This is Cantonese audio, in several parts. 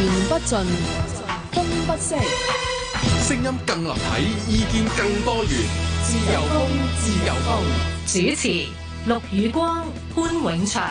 言不盡，風不息。聲音更立體，意見更多元。自由風，自由風。主持：陸宇光、潘永祥。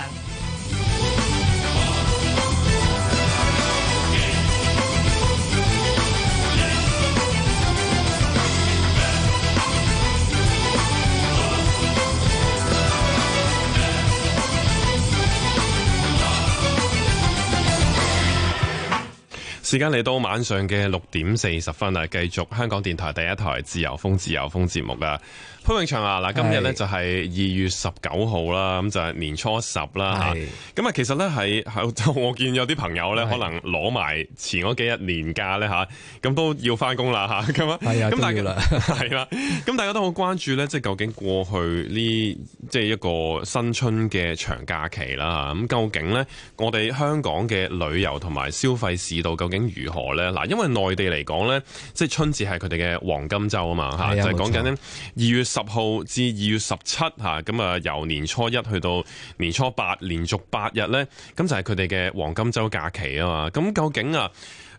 時間嚟到晚上嘅六點四十分啦，繼續香港電台第一台自由風自由風節目啊！潘永祥啊，嗱今日咧就係二月十九號啦，咁就係年初十啦吓，咁啊，其實咧喺係，我見有啲朋友咧可能攞埋前嗰幾日年假咧吓，咁都要翻工啦吓，咁啊，係 啊，咁但係係啦，咁大家都好關注咧，即係究竟過去呢，即係一個新春嘅長假期啦嚇。咁究竟咧，我哋香港嘅旅遊同埋消費市道究竟如何咧？嗱，因為內地嚟講咧，即係春節係佢哋嘅黃金周啊嘛嚇，就係講緊二月十號至二月十七吓，咁啊由年初一去到年初八，連續八日呢，咁就係佢哋嘅黃金週假期啊嘛。咁究竟啊？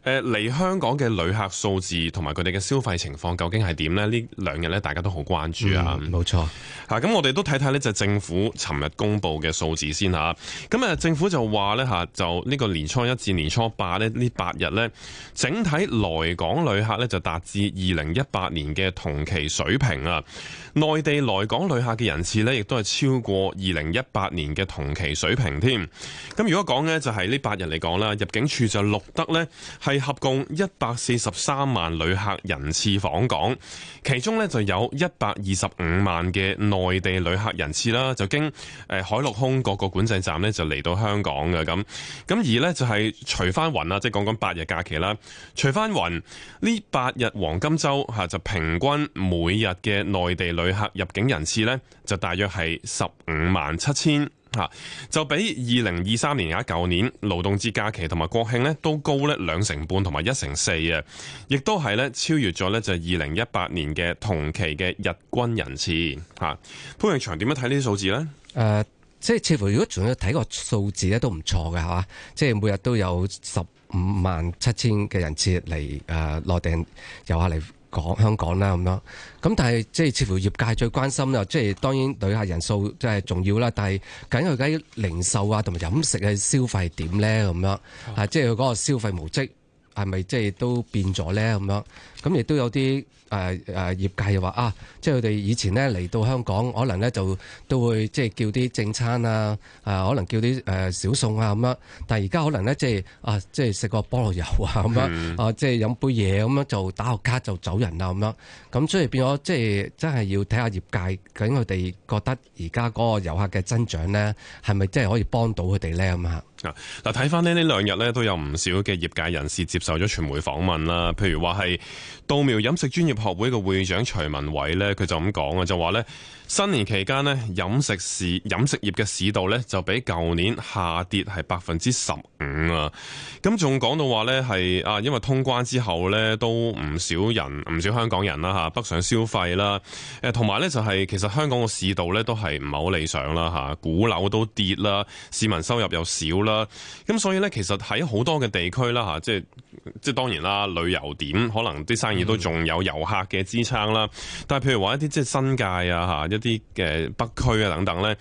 誒，嚟香港嘅旅客數字同埋佢哋嘅消費情況究竟係點呢？呢兩日咧，大家都好關注啊。嗯，冇錯，吓，咁我哋都睇睇呢就政府尋日公布嘅數字先吓。咁誒，政府就話呢，吓，就呢個年初一至年初八咧，呢八日呢，整體來港旅客呢就達至二零一八年嘅同期水平啊。內地來港旅客嘅人次呢亦都係超過二零一八年嘅同期水平添。咁如果講呢，就係呢八日嚟講咧，入境處就錄得呢。係合共一百四十三萬旅客人次訪港，其中呢就有一百二十五萬嘅內地旅客人次啦，就經誒海陸空各個管制站呢就嚟到香港嘅，咁，咁而呢就係除翻云啦，即係講緊八日假期啦，除翻云呢八日黃金周吓就平均每日嘅內地旅客入境人次呢就大約係十五萬七千。吓，就比二零二三年啊舊年勞動節假期同埋國慶咧都高咧兩成半同埋一成四啊，亦都係咧超越咗咧就係二零一八年嘅同期嘅日均人次吓。潘永祥點樣睇呢啲數字呢？誒、呃，即係似乎如果仲要睇個數字咧都唔錯嘅係嘛，即係每日都有十五萬七千嘅人次嚟誒落定遊下嚟。講香港啦咁樣，咁但係即係似乎業界最關心又即係當然旅客人數即係重要啦，但係緊係佢啲零售啊同埋飲食嘅消費點咧咁樣，啊即係佢嗰個消費模式係咪即係都變咗咧咁樣？咁亦都有啲誒誒業界又話啊，即係佢哋以前咧嚟到香港，可能咧就都會即係叫啲正餐啊，可能叫啲誒小餸啊咁樣。但係而家可能咧即係啊，即係食個菠蘿油啊咁樣、嗯、啊，即係飲杯嘢咁樣就打個卡就走人啦咁樣。咁、啊、所以變咗即係真係要睇下業界，究竟佢哋覺得而家嗰個遊客嘅增長咧，係咪真係可以幫到佢哋咧咁啊？嗱，睇翻呢呢兩日呢都有唔少嘅業界人士接受咗傳媒訪問啦，譬如話係稻苗飲食專業學會嘅會長徐文偉呢，佢就咁講啊，就話呢。新年期間呢，飲食市飲食業嘅市道呢就比舊年下跌係百分之十五啊！咁仲講到話呢，係啊，因為通關之後呢，都唔少人唔少香港人啦嚇北上消費啦，誒同埋呢，就係其實香港嘅市道呢都係唔係好理想啦嚇，股樓都跌啦，市民收入又少啦，咁所以呢，其實喺好多嘅地區啦嚇即係。即係當然啦，旅遊點可能啲生意都仲有遊客嘅支撐啦。嗯、但係譬如話一啲即係新界啊、嚇一啲嘅北區啊等等呢，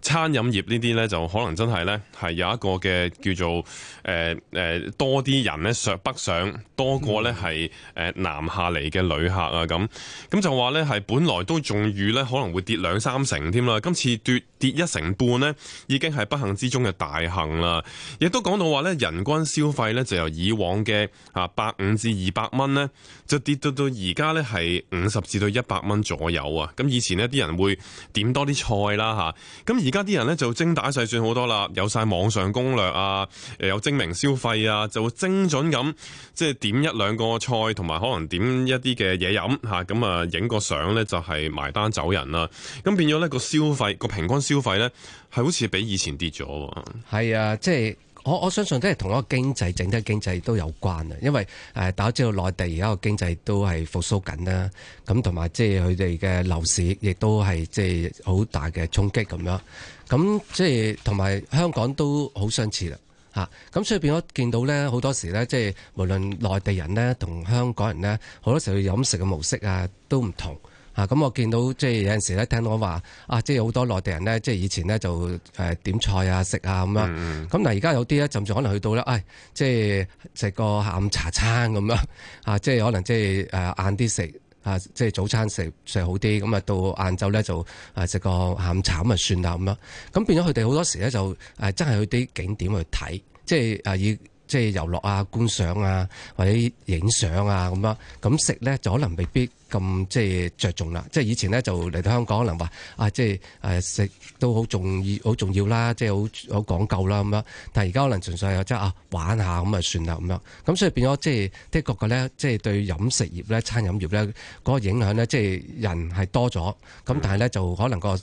餐飲業呢啲呢，就可能真係呢，係有一個嘅叫做誒、呃呃、多啲人呢，上北上多過呢係南下嚟嘅旅客啊，咁咁就話呢，係本來都仲預呢，可能會跌兩三成添啦，今次跌。跌一成半呢，已經係不幸之中嘅大幸啦。亦都講到話咧，人均消費呢，就由以往嘅啊百五至二百蚊呢，就跌到到而家呢，係五十至到一百蚊左右啊。咁以前呢啲人會點多啲菜啦嚇，咁而家啲人呢，就精打細算好多啦，有晒網上攻略啊，誒有精明消費啊，就精準咁，即係點一兩個菜，同埋可能點一啲嘅嘢飲嚇，咁啊影個相呢，就係埋單走人啦。咁變咗呢個消費，個平均消費。消費呢係好似比以前跌咗喎，係啊，即係我我相信都係同一個經濟整體經濟都有關啊，因為誒，大家知道內地而家個經濟都係復甦緊啦，咁同埋即係佢哋嘅樓市亦都係即係好大嘅衝擊咁樣，咁即係同埋香港都好相似啦嚇，咁所以變咗見到呢，好多時呢，即係無論內地人呢，同香港人呢，好多時候飲食嘅模式啊都唔同。咁、啊、我見到即係有陣時咧，聽到話啊，即係好多內地人咧，即係以前咧就誒點菜啊、食啊咁樣。咁、嗯、但係而家有啲咧，甚至可能去到啦、哎、即係食個下午茶餐咁樣啊，即係可能即係誒晏啲食啊，即係早餐食食好啲咁啊，到晏晝咧就誒食個下午茶咁啊，算啦咁樣。咁變咗佢哋好多時咧就誒真係去啲景點去睇，即係、啊、以。即係遊樂啊、觀賞啊，或者影相啊咁樣，咁食咧就可能未必咁即係着重啦。即係以前咧就嚟到香港，可能話啊，即係誒食都好重要、好重要啦，即係好好講究啦咁樣。但係而家可能純粹係即係啊玩下咁啊算啦咁樣。咁所以變咗即係的確個咧，即係對飲食業咧、餐飲業咧嗰個影響咧，即係人係多咗，咁但係咧就可能個嗰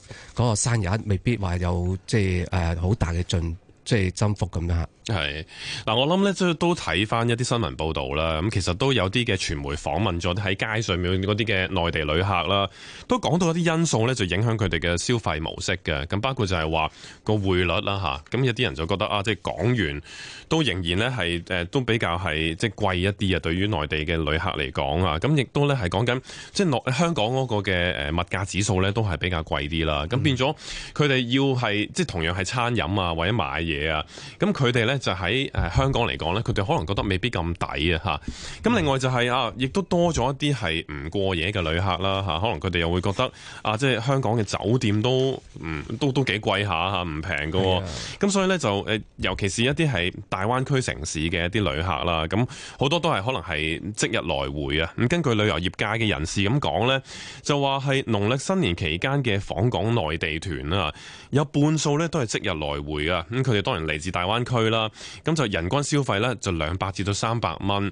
個生日未必話有即係誒好大嘅進。即係增幅咁樣吓係嗱，我諗咧，即係都睇翻一啲新聞報道啦。咁其實都有啲嘅傳媒訪問咗喺街上面嗰啲嘅內地旅客啦,都講到一啲因素咧,就影響佢哋嘅消費模式嘅。咁包括就係話個匯率啦吓,咁有啲人就覺得啊,即係港元都仍然咧係誒都比較係即係貴一啲啊,對於內地嘅旅客嚟講啊,咁亦都咧係講緊即係香港嗰個嘅誒物價指數咧都係比較貴啲啦。咁變咗佢哋要係即係同樣係餐飲啊或者買嘢，嘢啊，咁佢哋咧就喺香港嚟講咧，佢哋可能覺得未必咁抵啊，咁另外就係啊，亦都多咗一啲係唔過夜嘅旅客啦，可能佢哋又會覺得啊，即係香港嘅酒店都都都幾貴下，唔平嘅，咁所以咧就尤其是一啲係大灣區城市嘅一啲旅客啦，咁好多都係可能係即日來回啊！咁根據旅遊業界嘅人士咁講咧，就話係農曆新年期間嘅訪港內地團呀，有半數咧都係即日來回啊！咁佢哋。當人嚟自大灣區啦，咁就人均消費咧就兩百至到三百蚊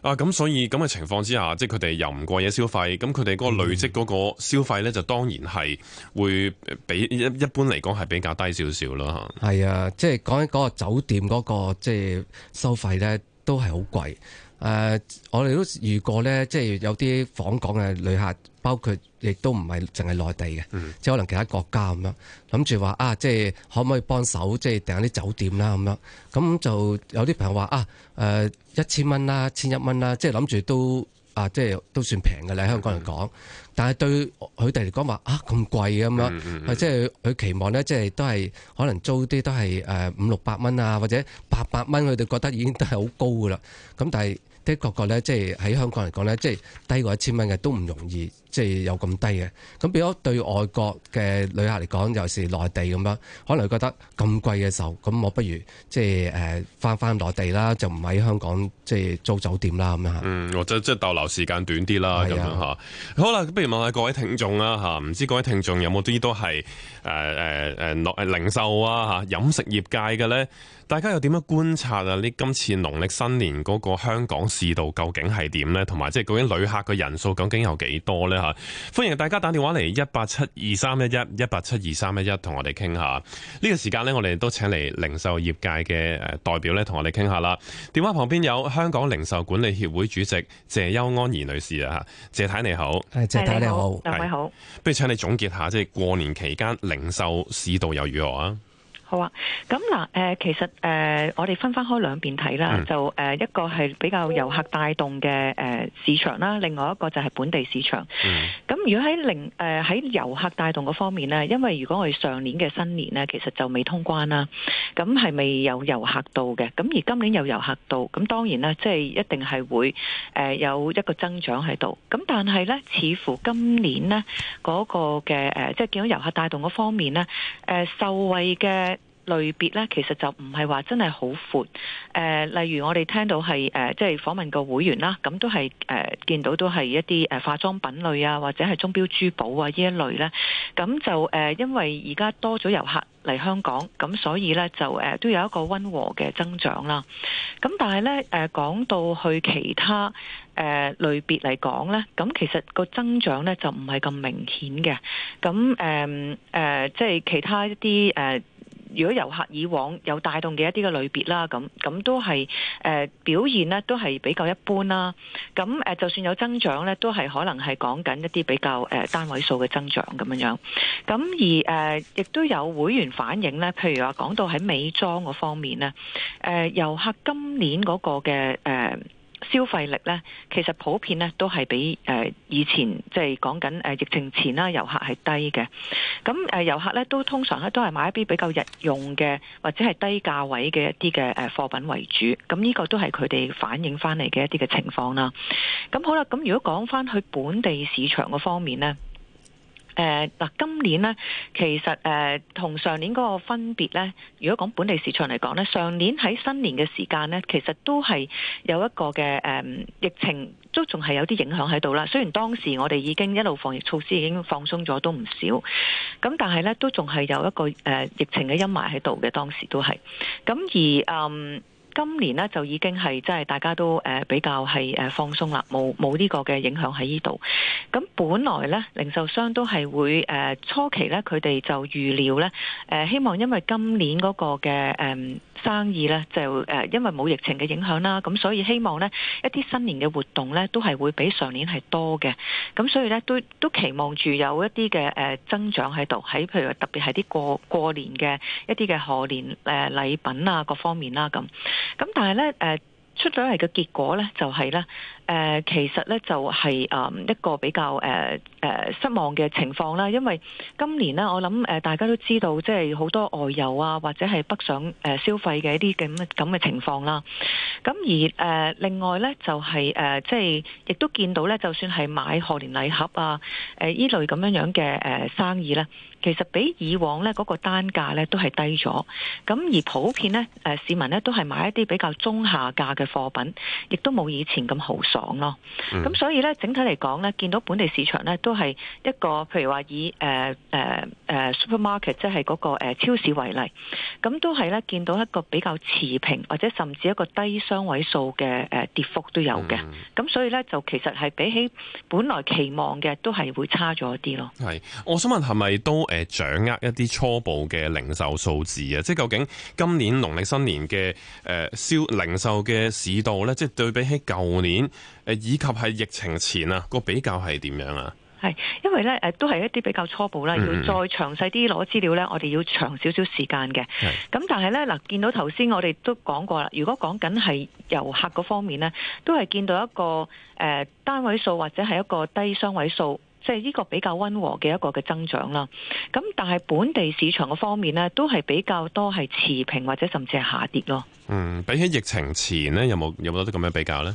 啊，咁所以咁嘅情況之下，即係佢哋又唔過夜消費，咁佢哋嗰個累積嗰個消費咧，就當然係會比一一般嚟講係比較低少少啦嚇。係啊，即係講緊嗰個酒店嗰、那個即係收費咧，都係好貴。誒、呃，我哋都遇過咧，即係有啲訪港嘅旅客。包括亦都唔係淨係內地嘅，即係可能其他國家咁樣，諗住話啊，即係可唔可以幫手即係訂啲酒店啦咁樣，咁就有啲朋友話啊，誒一千蚊啦，千一蚊啦，即係諗住都啊，即係都算平嘅啦，香港人講。但係對佢哋嚟講話啊咁貴咁樣、嗯嗯呃，或者佢期望咧，即係都係可能租啲都係誒五六百蚊啊，或者八百蚊，佢哋覺得已經都係好高噶啦。咁但係的確確咧，即係喺香港嚟講咧，即係低過一千蚊嘅都唔容易，即係有咁低嘅。咁變咗對外國嘅旅客嚟講，尤其是內地咁樣，可能覺得咁貴嘅時候，咁我不如即係誒翻翻內地啦，就唔喺香港即係租酒店啦咁樣嚇。或者即係逗留時間短啲啦咁樣嚇。好啦，不如。問下各位聽眾啊嚇，唔知各位聽眾有冇啲都係誒誒誒落誒零售啊嚇，飲食業界嘅咧？大家又點樣觀察啊？呢今次農曆新年嗰個香港市道究竟係點呢？同埋即係究竟旅客嘅人數究竟有幾多呢？嚇！歡迎大家打電話嚟一八七二三一一一八七二三一一，同我哋傾下。呢、這個時間呢，我哋都請嚟零售業界嘅代表咧，同我哋傾下啦。電話旁邊有香港零售管理協會主席謝邱安儀女士啊嚇，謝太你好，謝太，太你好，兩位好。不如請你總結下即係、就是、過年期間零售市道又如何啊？好啊，咁嗱，誒、呃，其實誒、呃，我哋分翻開兩邊睇啦，就誒、呃、一個係比較遊客帶動嘅誒、呃、市場啦，另外一個就係本地市場。咁、嗯、如果喺零誒喺遊客帶動嗰方面呢？因為如果我哋上年嘅新年呢，其實就未通關啦，咁係未有遊客到嘅，咁而今年有遊客到，咁當然啦，即、就、係、是、一定係會誒、呃、有一個增長喺度。咁但係呢，似乎今年呢嗰、那個嘅誒、呃，即係見到遊客帶動嗰方面呢，誒、呃、受惠嘅。類別咧，其實就唔係話真係好闊。誒、呃，例如我哋聽到係誒，即、呃、係、即係、訪問個會員啦，咁都係誒、呃、見到都係一啲誒化妝品類啊，或者係鐘錶珠寶啊呢一類咧。咁就誒、呃，因為而家多咗遊客嚟香港，咁所以咧就誒、呃、都有一個溫和嘅增長啦。咁但係咧誒，講到去其他誒、呃、類別嚟講咧，咁其實個增長咧就唔係咁明顯嘅。咁誒誒，即、呃、係、呃即係、其他一啲誒。呃如果遊客以往有帶動嘅一啲嘅類別啦，咁咁都係誒、呃、表現呢，都係比較一般啦。咁誒，就算有增長呢，都係可能係講緊一啲比較誒、呃、單位數嘅增長咁樣樣。咁而誒亦、呃、都有會員反映呢，譬如話講到喺美妝嗰方面呢，誒、呃、遊客今年嗰個嘅誒。呃消費力呢，其實普遍呢都係比以前即係講緊疫情前啦，遊客係低嘅。咁誒遊客呢都通常咧都係買一啲比較日用嘅或者係低價位嘅一啲嘅誒貨品為主。咁呢個都係佢哋反映翻嚟嘅一啲嘅情況啦。咁好啦，咁如果講翻去本地市場嘅方面呢。誒、呃、嗱，今年呢，其實誒同上年嗰個分別呢。如果講本地市場嚟講呢，上年喺新年嘅時間呢，其實都係有一個嘅誒、嗯、疫情，都仲係有啲影響喺度啦。雖然當時我哋已經一路防疫措施已經放鬆咗都唔少，咁但係呢，都仲係有一個誒、呃、疫情嘅陰霾喺度嘅，當時都係。咁而嗯。今年呢，就已經係即係大家都比較係放鬆啦，冇冇呢個嘅影響喺呢度。咁本來呢，零售商都係會誒初期呢，佢哋就預料呢，希望因為今年嗰個嘅生意呢，就誒因為冇疫情嘅影響啦，咁所以希望呢，一啲新年嘅活動呢，都係會比上年係多嘅。咁所以呢，都都期望住有一啲嘅增長喺度，喺譬如特別係啲過過年嘅一啲嘅賀年誒禮品啊，各方面啦咁。咁但係咧，誒出咗嚟嘅結果咧，就係咧。誒其實咧就係誒一個比較誒誒失望嘅情況啦，因為今年呢，我諗誒大家都知道，即係好多外遊啊或者係北上誒消費嘅一啲咁嘅咁嘅情況啦。咁而誒另外咧就係誒即係亦都見到咧，就算係買賀年禮盒啊，呢依類咁樣樣嘅誒生意咧，其實比以往咧嗰個單價咧都係低咗。咁而普遍咧誒市民咧都係買一啲比較中下價嘅貨品，亦都冇以前咁豪講、嗯、咯，咁所以咧整體嚟講咧，見到本地市場咧都係一個，譬如話以誒誒誒 supermarket 即係嗰個誒超市為例，咁都係咧見到一個比較持平或者甚至一個低雙位數嘅誒跌幅都有嘅，咁、嗯、所以咧就其實係比起本來期望嘅都係會差咗一啲咯。係，我想問係咪都誒掌握一啲初步嘅零售數字啊？即係究竟今年農曆新年嘅誒銷零售嘅市道咧，即係對比起舊年？誒，以及係疫情前啊，個比較係點樣啊？係，因為咧誒，都係一啲比較初步啦。要再詳細啲攞資料咧，我哋要長少少時間嘅。咁但係咧嗱，見到頭先我哋都講過啦，如果講緊係遊客嗰方面咧，都係見到一個誒、呃、單位數或者係一個低雙位數，即係呢個比較溫和嘅一個嘅增長啦。咁但係本地市場嗰方面咧，都係比較多係持平或者甚至係下跌咯。嗯，比起疫情前咧，有冇有冇得咁樣比較咧？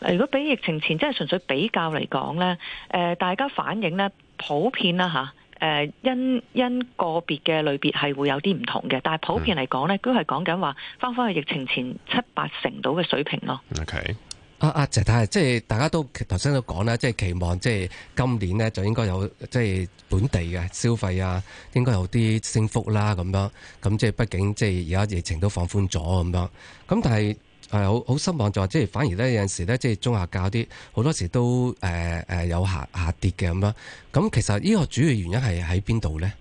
如果比疫情前即係純粹比較嚟講呢，誒、呃，大家反映呢普遍啦，吓，誒、呃，因因個別嘅類別係會有啲唔同嘅，但係普遍嚟講呢，都係講緊話，翻返去疫情前七八成度嘅水平咯。OK，阿阿、啊啊、謝太，但即係大家都頭先都講啦，即係期望即係今年呢，就應該有即係本地嘅消費啊，應該有啲升幅啦，啊，咁樣，咁即係畢竟即係而家疫情都放寬咗咁樣，咁但係。係好好失望，就即係反而咧有陣時咧，即係中下價啲好多時都誒誒有下下跌嘅咁樣。咁其實呢個主要原因係喺邊度咧？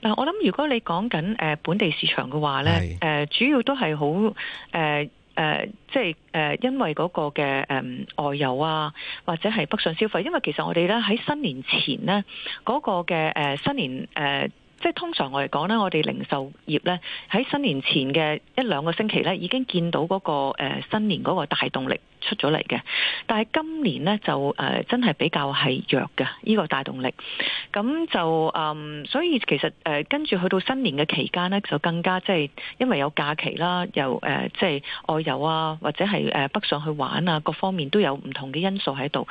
嗱，我諗如果你講緊誒本地市場嘅話咧，誒主要都係好誒誒，即係誒因為嗰個嘅誒外遊啊，或者係北上消費，因為其實我哋咧喺新年前咧嗰、那個嘅誒新年誒。呃即係通常我嚟講呢，我哋零售業呢，喺新年前嘅一兩個星期呢，已經見到嗰、那個誒、呃、新年嗰個大動力出咗嚟嘅。但係今年呢，就誒、呃、真係比較係弱嘅呢、這個大動力。咁就誒、嗯，所以其實誒跟住去到新年嘅期間呢，就更加即係、就是、因為有假期啦，又誒即係外遊啊，或者係誒、呃、北上去玩啊，各方面都有唔同嘅因素喺度。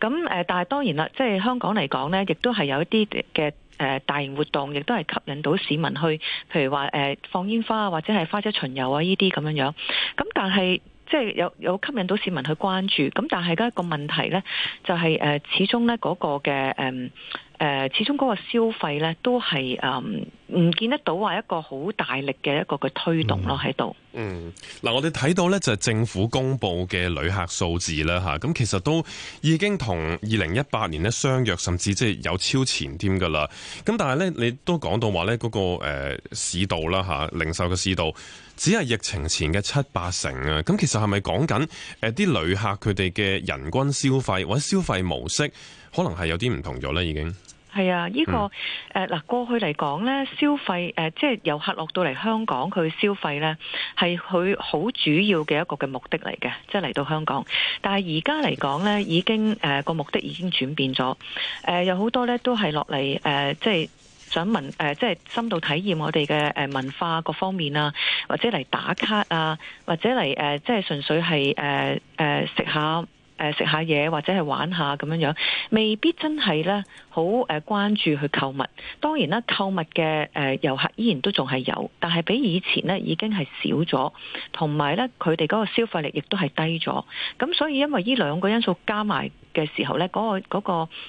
咁誒、呃，但係當然啦，即係香港嚟講呢，亦都係有一啲嘅。誒、呃、大型活動亦都係吸引到市民去，譬如話誒、呃、放煙花啊，或者係花車巡遊啊呢啲咁樣樣。咁但係即係有有吸引到市民去關注。咁但係而家一個問題呢，就係、是、誒、呃、始終呢嗰、那個嘅誒。呃誒，始終嗰個消費咧，都係誒唔見得到話一個好大力嘅一個嘅推動咯喺度。嗯，嗱，我哋睇到咧就係政府公布嘅旅客數字啦，吓，咁其實都已經同二零一八年呢相若，甚至即係有超前添㗎啦。咁但係咧，你都講到話咧嗰個誒市道啦，吓，零售嘅市道只係疫情前嘅七八成啊。咁其實係咪講緊誒啲旅客佢哋嘅人均消費或者消費模式，可能係有啲唔同咗咧已經？係啊，呢、這個誒嗱、呃，過去嚟講咧，消費誒、呃、即係遊客落到嚟香港去消費咧，係佢好主要嘅一個嘅目的嚟嘅，即係嚟到香港。但係而家嚟講咧，已經誒個目的已經轉變咗，誒、呃、有好多咧都係落嚟誒，即係想文誒、呃，即係深度體驗我哋嘅誒文化各方面啊，或者嚟打卡啊，或者嚟誒、呃，即係純粹係誒誒食下。誒，食下嘢，或者係玩下咁樣樣，未必真係呢好誒關注去購物。當然啦，購物嘅誒遊客依然都仲係有，但係比以前呢已經係少咗，同埋呢佢哋嗰個消費力亦都係低咗。咁所以因為呢兩個因素加埋嘅時候呢，嗰個嗰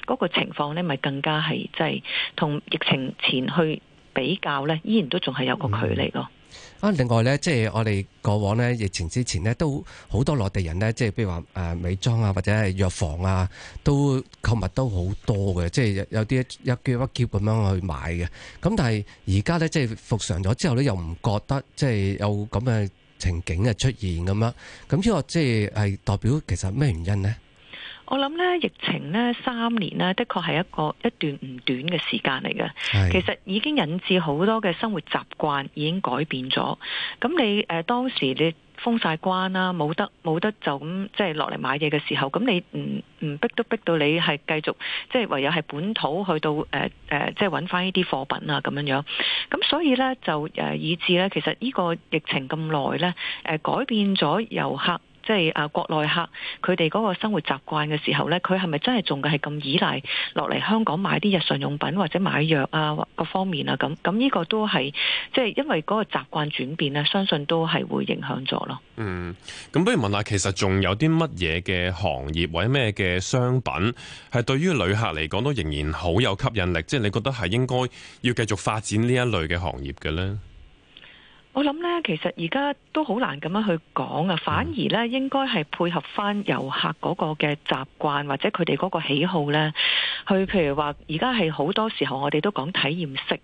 個嗰個情況呢咪更加係即係同疫情前去比較呢，依然都仲係有個距離咯。啊！另外咧，即係我哋過往咧疫情之前咧，都好多內地人咧，即係譬如話誒美妝啊，或者係藥房啊，都購物都好多嘅，即係有啲一喼一喼咁樣去買嘅。咁但係而家咧，即係復常咗之後咧，又唔覺得即係有咁嘅情景嘅出現咁樣。咁呢個即係代表其實咩原因咧？我諗咧，疫情咧三年咧，的確係一個一段唔短嘅時間嚟嘅。其實已經引致好多嘅生活習慣已經改變咗。咁你誒、呃、當時你封晒關啦，冇得冇得就咁即係落嚟買嘢嘅時候，咁你唔唔逼都逼到你係繼續即係、就是、唯有系本土去到誒誒，即係搵翻呢啲貨品啊咁樣樣。咁所以咧就誒、呃、以致咧，其實呢個疫情咁耐咧，誒、呃、改變咗遊客。即係啊，國內客佢哋嗰個生活習慣嘅時候咧，佢係咪真係仲嘅係咁依賴落嚟香港買啲日常用品或者買藥啊，各方面啊，咁咁呢個都係即係因為嗰個習慣轉變咧，相信都係會影響咗咯。嗯，咁不如問下，其實仲有啲乜嘢嘅行業或者咩嘅商品係對於旅客嚟講都仍然好有吸引力？即係你覺得係應該要繼續發展呢一類嘅行業嘅咧？我諗呢，其實而家都好難咁樣去講啊，反而呢，應該係配合翻遊客嗰個嘅習慣或者佢哋嗰個喜好呢，去譬如話，而家係好多時候我哋都講體驗式。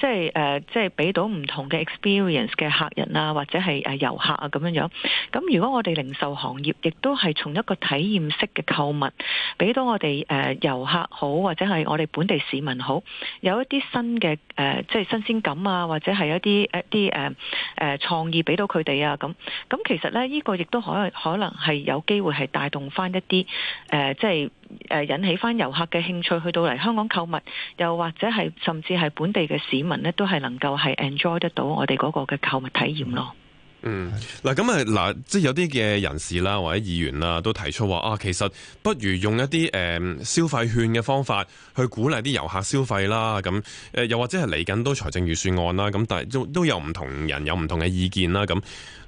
即係誒、呃，即係俾到唔同嘅 experience 嘅客人啊，或者係誒、呃、遊客啊，咁樣樣。咁如果我哋零售行業亦都係從一個體驗式嘅購物，俾到我哋誒、呃、遊客好，或者係我哋本地市民好，有一啲新嘅誒、呃，即係新鮮感啊，或者係一啲一啲誒誒創意俾到佢哋啊。咁咁其實咧，呢、這個亦都可可能係有機會係帶動翻一啲誒、呃，即係。引起翻遊客嘅興趣去到嚟香港購物，又或者係甚至係本地嘅市民呢，都係能夠係 enjoy 得到我哋嗰個嘅購物體驗咯。嗯，嗱，咁啊，嗱，即係有啲嘅人士啦，或者議員啦，都提出話啊，其實不如用一啲誒、嗯、消費券嘅方法去鼓勵啲遊客消費啦。咁誒、呃，又或者係嚟緊都財政預算案啦。咁但係都都有唔同人有唔同嘅意見啦。咁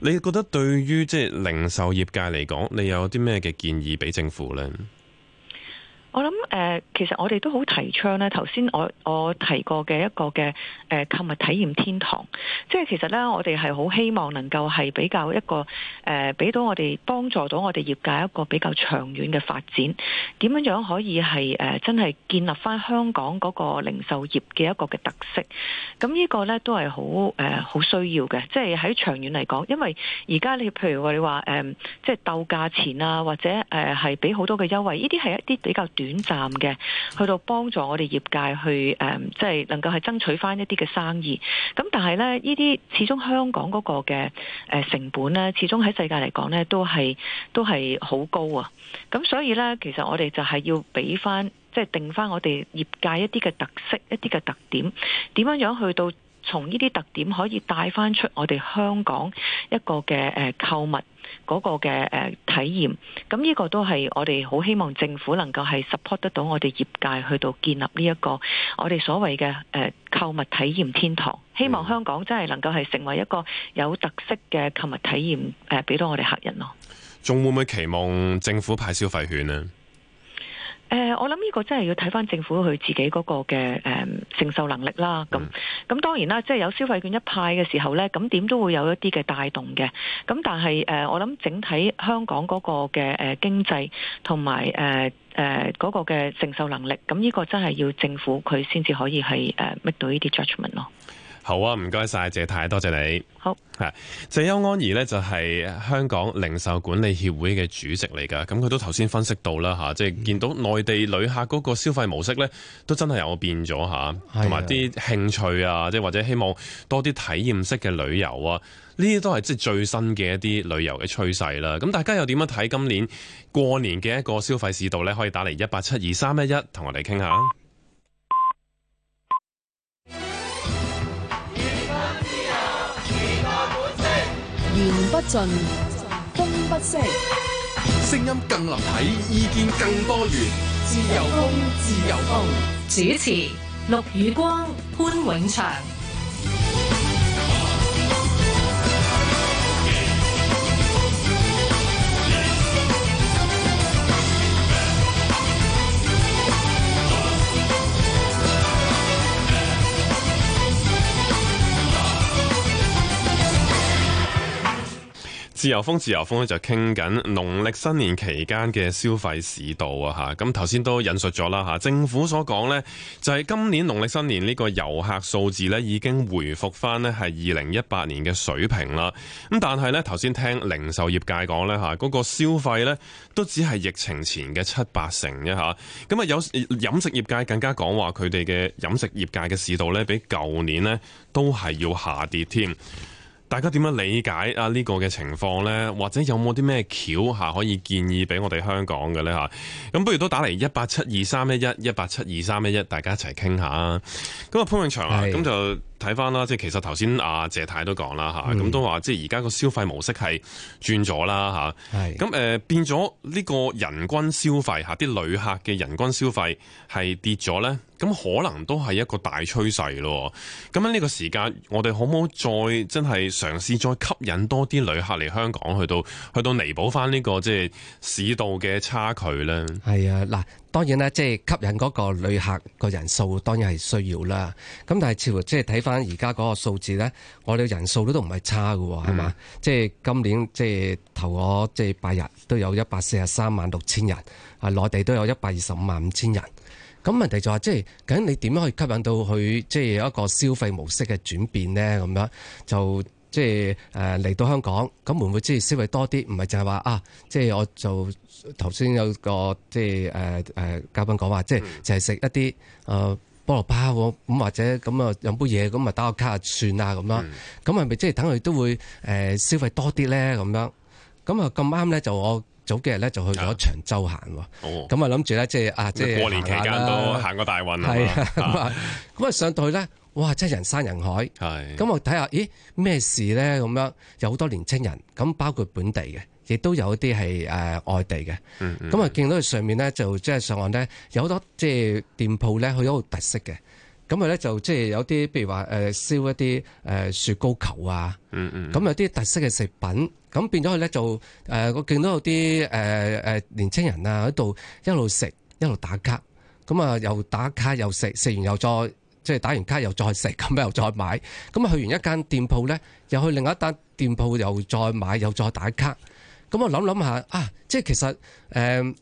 你覺得對於即係零售業界嚟講，你有啲咩嘅建議俾政府呢？我諗誒、呃，其實我哋都好提倡咧。頭先我我提過嘅一個嘅誒購物體驗天堂，即係其實咧我哋係好希望能夠係比較一個誒俾、呃、到我哋幫助到我哋業界一個比較長遠嘅發展。點樣樣可以係誒、呃、真係建立翻香港嗰個零售業嘅一個嘅特色？咁呢個咧都係好誒好需要嘅。即係喺長遠嚟講，因為而家你譬如話你話誒即係鬥價錢啊，或者誒係俾好多嘅優惠，呢啲係一啲比較短。短暫嘅，去到幫助我哋業界去誒，即係能夠係爭取翻一啲嘅生意。咁但係咧，呢啲始終香港嗰個嘅誒成本咧，始終喺世界嚟講咧，都係都係好高啊。咁所以咧，其實我哋就係要俾翻，即係定翻我哋業界一啲嘅特色，一啲嘅特點，點樣樣去到從呢啲特點可以帶翻出我哋香港一個嘅誒購物。嗰、那個嘅誒體驗，咁呢個都係我哋好希望政府能夠係 support 得到我哋業界去到建立呢一個我哋所謂嘅誒、呃、購物體驗天堂。希望香港真係能夠係成為一個有特色嘅購物體驗誒，俾、呃、到我哋客人咯。仲會唔會期望政府派消費券呢？誒、呃，我諗呢個真係要睇翻政府佢自己嗰個嘅誒、呃、承受能力啦。咁咁、嗯、當然啦，即係有消費券一派嘅時候呢，咁點都會有一啲嘅帶動嘅。咁但係誒、呃，我諗整體香港嗰個嘅誒經濟同埋誒誒嗰個嘅承受能力，咁呢個真係要政府佢先至可以係誒、呃、make 到呢啲 judgment 咯。好啊，唔該晒，謝太，多謝你。好，啊，謝邱安儀呢，就係香港零售管理協會嘅主席嚟噶，咁佢都頭先分析到啦吓，即係見到內地旅客嗰個消費模式呢，都真係有變咗吓，同埋啲興趣啊，即係或者希望多啲體驗式嘅旅遊啊，呢啲都係即係最新嘅一啲旅遊嘅趨勢啦。咁大家又點樣睇今年過年嘅一個消費市道呢？可以打嚟一八七二三一一，同我哋傾下。言不盡，風不息，聲音更立體，意見更多元，自由風，自由風。主持：陸宇光、潘永祥。自由風，自由風咧就傾緊農曆新年期間嘅消費市道啊！嚇，咁頭先都引述咗啦嚇，政府所講呢就係今年農曆新年呢個遊客數字呢已經回復翻咧係二零一八年嘅水平啦。咁但係呢，頭先聽零售業界講呢，嚇，嗰個消費呢都只係疫情前嘅七八成啫嚇。咁啊有飲食業界更加講話佢哋嘅飲食業界嘅市道呢，比舊年呢都係要下跌添。大家點樣理解啊呢個嘅情況呢？或者有冇啲咩橋嚇可以建議俾我哋香港嘅呢？咁不如都打嚟一八七二三一一一八七二三一一，大家一齊傾下。咁啊潘永祥啊，咁就。睇翻啦，即係其實頭先阿謝太了、嗯、都講啦嚇，咁都話即係而家個消費模式係轉咗啦嚇。係咁誒變咗呢個人均消費嚇，啲旅客嘅人均消費係跌咗咧。咁可能都係一個大趨勢咯。咁喺呢個時間，我哋可唔可以再真係嘗試再吸引多啲旅客嚟香港，去到去到彌補翻、這、呢個即係市道嘅差距咧？係啊，嗱。當然啦，即係吸引嗰個旅客個人數，當然係需要啦。咁但係似乎即係睇翻而家嗰個數字呢，我哋人數都唔係差㗎喎，係嘛？即、嗯、係今年即係頭嗰即係八日都有一百四十三萬六千人，啊內地都有一百二十五萬五千人。咁問題就係即係咁，究竟你點樣去吸引到佢即係有一個消費模式嘅轉變呢，咁樣就。即係誒嚟到香港，咁會唔會即係消費多啲？唔係就係話啊！即係我就頭先有個即係誒誒嘉賓講話，即係就係食一啲誒菠蘿包咁，或者咁啊飲杯嘢，咁啊打個卡啊算啊咁啦。咁係咪即係等佢都會誒消費多啲咧？咁樣咁啊咁啱咧，就我早幾日咧就去咗長洲行喎。咁啊諗住咧，即係啊即係過年期間都行過大運係啊！咁啊上到去咧。哇！真係人山人海，咁我睇下，咦咩事咧？咁樣有好多年青人，咁包括本地嘅，亦都有一啲係、呃、外地嘅。咁、嗯、啊，見、嗯、到佢上面咧，就即、是、係上岸咧，有好多即係店鋪咧，佢有特色嘅。咁啊咧，就即係有啲，譬如話誒、呃，燒一啲、呃、雪糕球啊。咁、嗯嗯、有啲特色嘅食品，咁變咗佢咧就誒、呃，我見到有啲、呃、年青人啊喺度一路食一路打卡，咁啊又打卡又食，食完又再。即係打完卡又再食，咁又再買。咁去完一間店鋪咧，又去另一間店鋪，又再買，又再打卡。咁我諗諗下啊，即係其實誒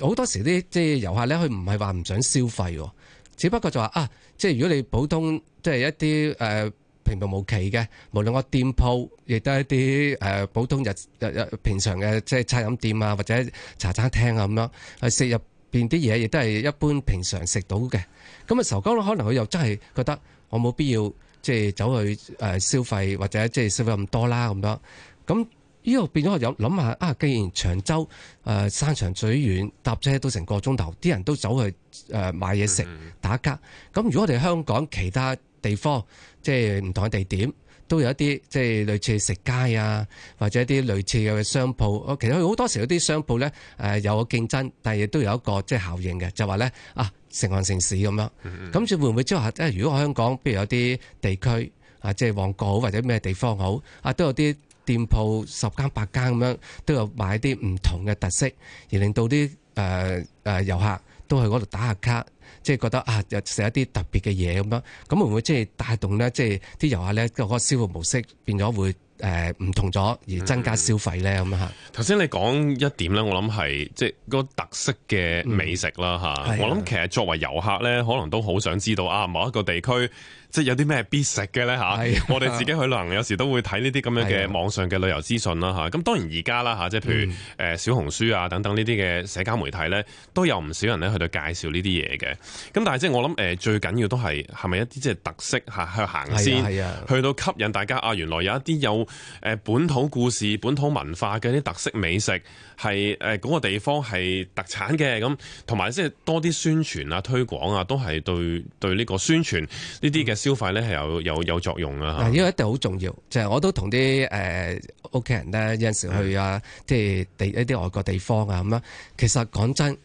好、嗯、多時啲即係遊客咧，佢唔係話唔想消費，只不過就話啊，即係如果你普通即係一啲誒、呃、平平無奇嘅，無論個店鋪亦都係一啲誒、呃、普通日日，日平常嘅即係餐飲店啊，或者茶餐廳啊咁樣去食入。變啲嘢亦都係一般平常食到嘅。咁啊壽光可能佢又真係覺得我冇必要即係走去消費或者即係消費咁多啦咁樣，咁呢度變咗我又諗下啊，既然長洲誒、呃、山長水遠，搭車都成個鐘頭，啲人都走去誒買嘢食、mm-hmm. 打卡，咁如果我哋香港其他地方即係唔同嘅地點。都有一啲即係類似食街啊，或者一啲類似嘅商鋪。我其實佢好多時有啲商鋪咧，誒有競爭，但係亦都有一個即係效應嘅，就話咧啊，成行成市咁樣。咁就會唔會即係如果我香港，譬如有啲地區啊，即係旺角好或者咩地方好啊，都有啲店鋪十間八間咁樣，都有買啲唔同嘅特色，而令到啲誒誒遊客都去嗰度打下卡。即係覺得啊，食一啲特別嘅嘢咁樣，咁會唔會即係帶動咧？即係啲遊客咧個個消費模式變咗會誒唔、呃、同咗，而增加消費咧咁啊！頭先、嗯、樣你講一點咧，我諗係即係個特色嘅美食啦嚇。嗯、是我諗其實作為遊客咧，可能都好想知道啊，某一個地區。即係有啲咩必食嘅咧吓，我哋自己去旅行、啊、有時都會睇呢啲咁樣嘅網上嘅旅遊資訊啦吓，咁、啊、當然而家啦吓，即係譬如誒小紅書啊等等呢啲嘅社交媒體咧、嗯，都有唔少人咧去到介紹呢啲嘢嘅。咁但係即係我諗誒最緊要都係係咪一啲即係特色吓去行先、啊，去到吸引大家啊，原來有一啲有誒本土故事、本土文化嘅啲特色美食係誒嗰個地方係特產嘅咁，同埋即係多啲宣傳啊、推廣啊，都係對對呢個宣傳呢啲嘅。消費咧係有有有作用啊！因為一定好重要，就係我都同啲誒屋企人咧有陣時去啊，即係地一啲外國地方啊咁樣。其實講真，誒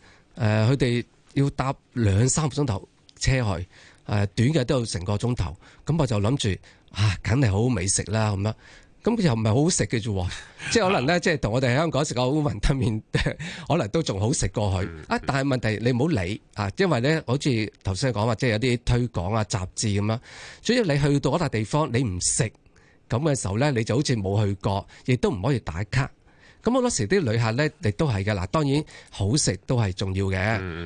佢哋要搭兩三個鐘頭車去，誒短嘅都要成個鐘頭。咁我就諗住啊，梗係好美食啦咁樣。咁又唔係好食嘅，啫，即係可能咧，即係同我哋喺香港食個雲吞麵，可能都仲好食過去啊。但係問題你唔好理啊，因為咧好似頭先講話，即係有啲推廣啊、雜誌咁樣。所以你去到嗰笪地方，你唔食咁嘅時候咧，你就好似冇去過，亦都唔可以打卡。咁好多時啲旅客咧亦都係嘅嗱。當然好食都係重要嘅，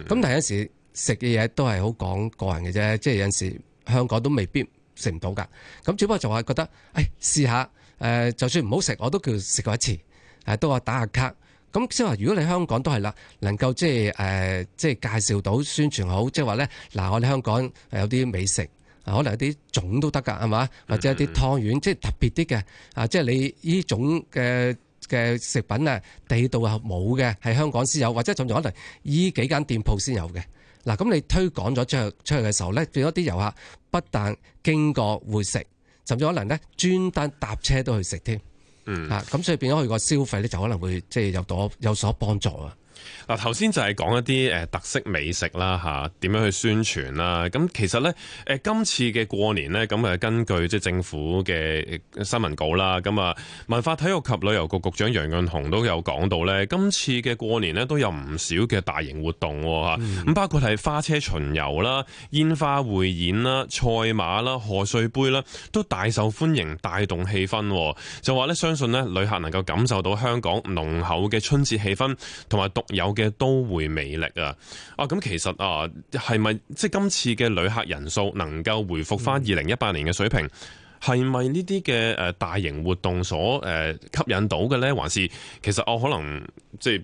咁但係有陣時食嘅嘢都係好講個人嘅啫，即係有陣時香港都未必食唔到㗎。咁只不過就係覺得誒、哎、試下。誒，就算唔好食，我都叫食過一次，誒，都話打下卡。咁即係話，如果你香港都係啦，能夠即係誒，即、呃、係介紹到、宣傳好，即係話咧，嗱、呃，我哋香港有啲美食，啊，可能有啲粽都得㗎，係嘛，mm-hmm. 或者一啲湯圓，即係特別啲嘅，啊，即係你呢種嘅嘅食品咧，地道啊冇嘅，係香港先有，或者甚至可能呢幾間店鋪先有嘅。嗱、啊，咁你推廣咗出出去嘅時候咧，變咗啲遊客不但經過會食。甚至可能專登搭車都去食添，咁、嗯、所以變咗佢個消費呢，就可能會即係有所幫助。嗱，頭先就係講一啲誒特色美食啦吓，點樣去宣傳啦？咁其實呢，誒今次嘅過年呢，咁誒根據即係政府嘅新聞稿啦，咁啊文化體育及旅遊局局長楊潤雄都有講到呢。今次嘅過年呢，都有唔少嘅大型活動吓，咁、嗯、包括係花車巡遊啦、煙花匯演啦、賽馬啦、賀歲杯啦，都大受歡迎，帶動氣氛。就話呢，相信呢，旅客能夠感受到香港濃厚嘅春節氣氛，同埋獨。有嘅都會魅力啊！啊，咁其實啊，係咪即係今次嘅旅客人數能夠回復翻二零一八年嘅水平？係咪呢啲嘅誒大型活動所誒、呃、吸引到嘅呢？還是其實我、啊、可能即係？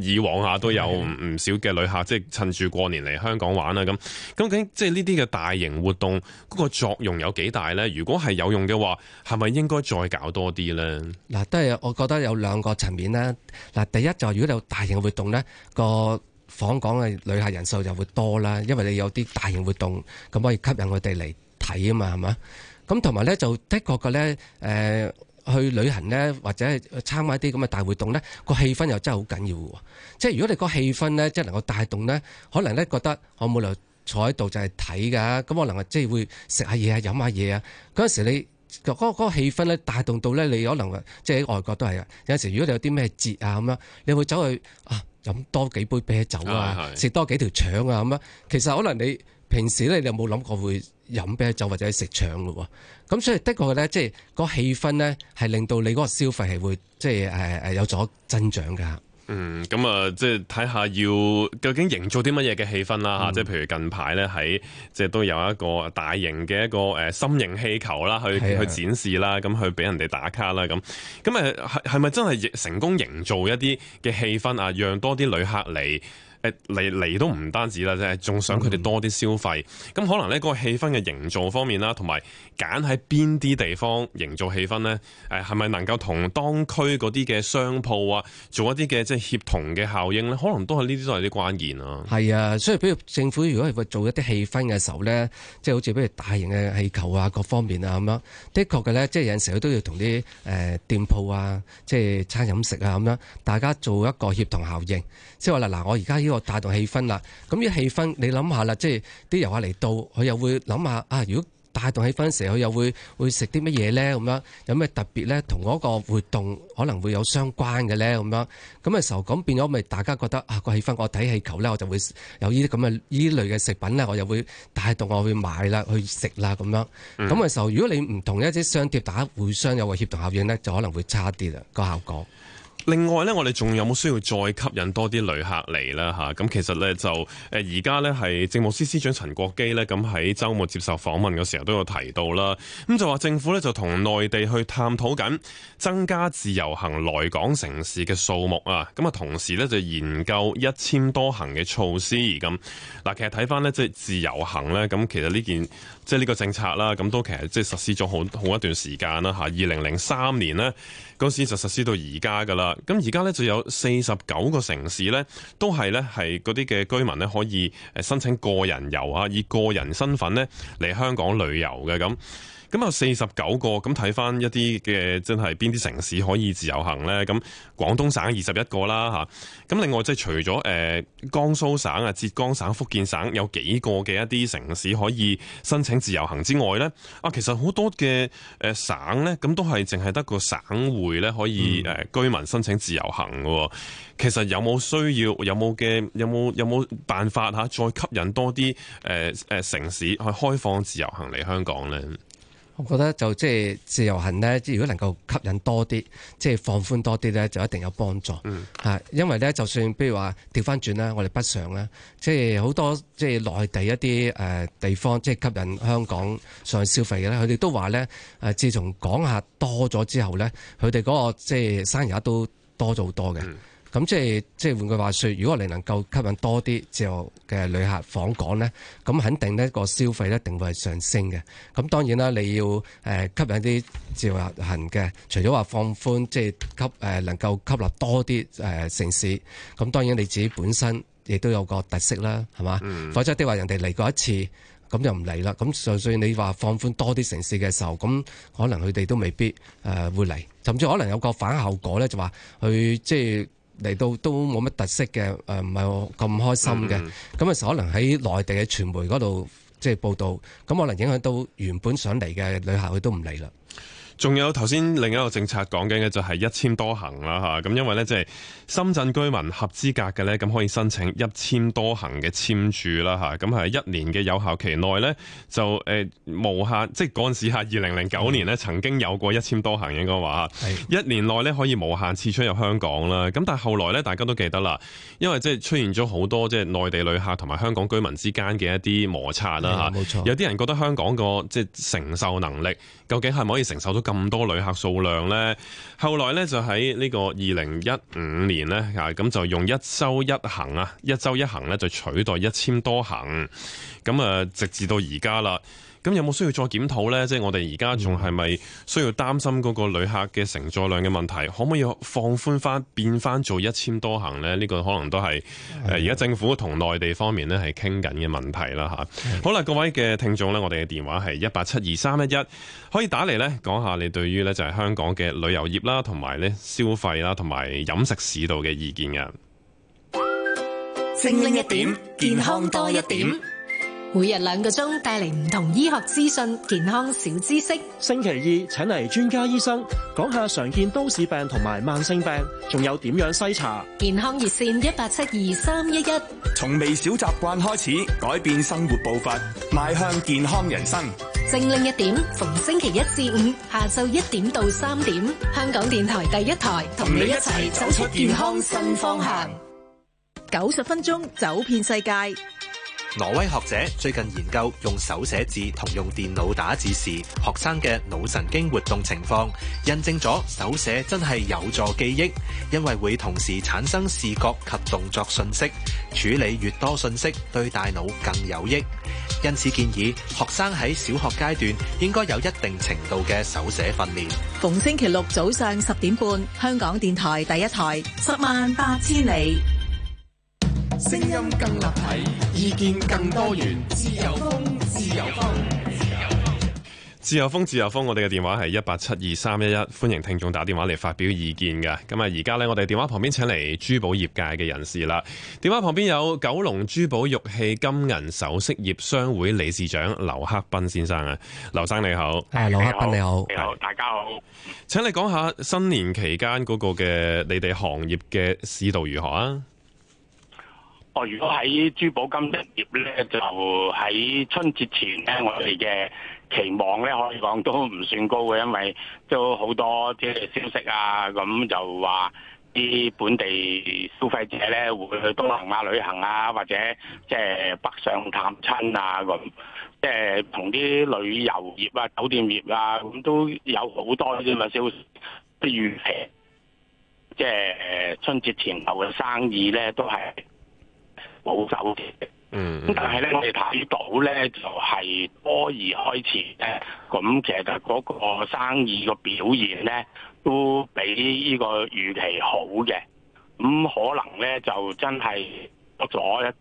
以往下都有唔少嘅旅客，即係趁住過年嚟香港玩啦咁。究竟即係呢啲嘅大型活動嗰個作用有幾大呢？如果係有用嘅話，係咪應該再搞多啲呢？嗱，都係我覺得有兩個層面啦。嗱，第一就如果你有大型活動呢，個訪港嘅旅客人數就會多啦，因為你有啲大型活動，咁可以吸引佢哋嚟睇啊嘛，係嘛。咁同埋呢，就的確嘅呢。誒、呃。去旅行咧，或者係參加一啲咁嘅大活動咧，個氣氛又真係好緊要嘅。即係如果你個氣氛咧，即係能夠帶動咧，可能咧覺得我冇理由坐喺度就係睇㗎。咁我可能即係會食下嘢啊，飲下嘢啊。嗰陣時你嗰嗰、嗰個嗰個氣氛咧帶動到咧，你可能即係喺外國都係㗎。有陣時如果你有啲咩節啊咁樣，你會走去啊飲多幾杯啤酒啊，食多幾條腸啊咁樣。其實可能你平時咧你有冇諗過會飲啤酒或者食腸嘅喎，咁所以的確咧，即係嗰個氣氛咧，係令到你嗰個消費係會即係誒誒有咗增長嘅。嗯，咁啊，即係睇下要究竟營造啲乜嘢嘅氣氛啦嚇，即、嗯、係譬如近排咧喺即係都有一個大型嘅一個誒心形氣球啦，去去展示啦，咁去俾人哋打卡啦，咁咁誒係係咪真係成功營造一啲嘅氣氛啊，讓多啲旅客嚟？嚟嚟都唔單止啦，即係仲想佢哋多啲消費。咁、嗯、可能呢，嗰個氣氛嘅營造方面啦，同埋揀喺邊啲地方營造氣氛呢？誒係咪能夠同當區嗰啲嘅商鋪啊，做一啲嘅即係協同嘅效應呢？可能都係呢啲都係啲關鍵啊。係啊，所以比如政府如果係會做一啲氣氛嘅時候呢，即係好似比如大型嘅氣球啊，各方面啊咁樣，的確嘅呢，即係有陣時佢都要同啲誒店鋪啊，即係餐飲食啊咁樣，大家做一個協同效應，即係話啦，嗱、啊，我而家呢個帶動氣氛啦，咁啲氣氛你諗下啦，即係啲遊客嚟到，佢又會諗下啊，如果帶動氣氛嘅時候，佢又會會食啲乜嘢咧？咁樣有咩特別咧？同嗰個活動可能會有相關嘅咧？咁樣咁嘅時候，咁變咗咪大家覺得啊個氣氛，我睇氣球咧，我就會有呢啲咁嘅呢類嘅食品咧，我又會帶動我去買啦，去食啦咁樣。咁嘅時候，如果你唔同一啲商貼大家互相有個協同效應咧，就可能會差啲啦個效果。另外咧，我哋仲有冇需要再吸引多啲旅客嚟呢？咁其實咧就誒，而家咧係政務司司長陳國基咧，咁喺週末接受訪問嘅時候都有提到啦。咁就話政府咧就同內地去探討緊增加自由行來港城市嘅數目啊。咁啊，同時咧就研究一簽多行嘅措施而咁。嗱，其實睇翻咧即係自由行咧，咁其實呢件即係呢個政策啦，咁都其實即係實施咗好好一段時間啦。嚇，二零零三年呢。嗰時就實施到而家㗎啦，咁而家咧就有四十九個城市咧，都係咧係嗰啲嘅居民咧可以誒申請個人遊啊，以個人身份咧嚟香港旅遊嘅咁。咁啊，四十九個咁睇，翻一啲嘅真係邊啲城市可以自由行呢？咁廣東省二十一個啦吓，咁另外即係除咗誒、呃、江蘇省啊、浙江省、福建省有幾個嘅一啲城市可以申請自由行之外呢？啊，其實好多嘅誒、呃、省呢，咁都係淨係得個省會呢可以誒、嗯呃、居民申請自由行喎、哦。其實有冇需要？有冇嘅？有冇有冇辦法吓、啊？再吸引多啲誒誒城市去開放自由行嚟香港呢？我覺得就即係自由行咧，即係如果能夠吸引多啲，即係放寬多啲咧，就一定有幫助。嗯、因為咧，就算譬如話掉返轉啦，我哋北上啦，即係好多即係內地一啲誒地方，即係吸引香港上去消費嘅咧，佢哋都話咧，自從港客多咗之後咧，佢哋嗰個即係生意都多咗好多嘅。嗯咁即係即係換句話説，如果你能夠吸引多啲自由嘅旅客訪港咧，咁肯定呢個消費一定會係上升嘅。咁當然啦，你要誒吸引啲自由行嘅，除咗話放寬，即係吸誒能夠吸納多啲、呃、城市。咁當然你自己本身亦都有個特色啦，係嘛、嗯？否則的話，人哋嚟過一次，咁就唔嚟啦。咁就算你話放寬多啲城市嘅時候，咁可能佢哋都未必誒、呃、會嚟，甚至可能有個反效果咧，就話、是、佢即係。嚟到都冇乜特色嘅，誒唔係我咁開心嘅，咁、嗯、可能喺內地嘅傳媒嗰度即係報道，咁可能影響到原本想嚟嘅旅客，佢都唔嚟啦。仲有頭先另一個政策講緊嘅就係一簽多行啦，吓，咁因為咧即係深圳居民合資格嘅咧，咁可以申請一簽多行嘅簽注啦，吓，咁係一年嘅有效期內咧就誒無限，即係嗰陣時嚇二零零九年咧曾經有過一簽多行應該話一年內咧可以無限次出入香港啦。咁但係後來咧大家都記得啦，因為即係出現咗好多即係內地旅客同埋香港居民之間嘅一啲摩擦啦，吓，冇錯、嗯，有啲人覺得香港個即係承受能力究竟係唔可以承受到。咁多旅客數量呢，後來呢就喺呢個二零一五年呢，咁就用一周一行啊，一周一行呢就取代一簽多行，咁啊，直至到而家啦。咁有冇需要再檢討呢？即係我哋而家仲係咪需要擔心嗰個旅客嘅承載量嘅問題？可唔可以放寬翻，變翻做一簽多行呢？呢、呢個可能都係誒而家政府同內地方面咧係傾緊嘅問題啦，吓，好啦，各位嘅聽眾咧，我哋嘅電話係一八七二三一一，可以打嚟咧講一下你對於咧就係香港嘅旅遊業啦，同埋咧消費啦，同埋飲食市道嘅意見嘅。聲另一點，健康多一點。每日兩個鐘,帶嚟不同醫學資訊,健康小知識。星期二,請嚟專家醫生,講下常見都市病同埋慢性病,仲有點樣篩查。健康熱線 :1872311。從微小習慣開始,改變生活步伐,邁向健康人生。精靈一點,逢星期一至五,下晝一點到三點,香港電台第一台,同你一齊走出健康新方向。九十分鐘,走遍世界。挪威學者最近研究用手寫字同用電腦打字時，學生嘅腦神經活動情況，印證咗手寫真係有助記憶，因為會同時產生視覺及動作信息，處理越多信息，對大腦更有益。因此建議學生喺小學階段應該有一定程度嘅手寫訓練。逢星期六早上十點半，香港電台第一台，十萬八千里。聲音更立體，意見更多元，自由風，自由風，自由風，自由風。自由風，我哋嘅電話係一八七二三一一，歡迎聽眾打電話嚟發表意見㗎。咁啊，而家咧，我哋電話旁邊請嚟珠寶業界嘅人士啦。電話旁邊有九龍珠寶玉器金銀首飾業商會理事長劉克斌先生啊，劉生你好，誒，劉克斌你好，你好，你好，大家好，請你講下新年期間嗰個嘅你哋行業嘅市道如何啊？如果喺珠寶金飾業咧，就喺春節前咧，我哋嘅期望咧，可以講都唔算高嘅，因為都好多即係消息啊，咁就話啲本地消費者咧會去東南亞旅行啊，或者即係北上探親啊，咁即係同啲旅遊業啊、酒店業啊，咁都有好多啲咁嘅消息。譬如誒，即係春節前後嘅生意咧，都係。冇走嘅，嗯，但係咧，我哋睇到咧就係、是、初二開始咧，咁其實嗰個生意嘅表現咧都比呢個預期好嘅，咁可能咧就真係多咗一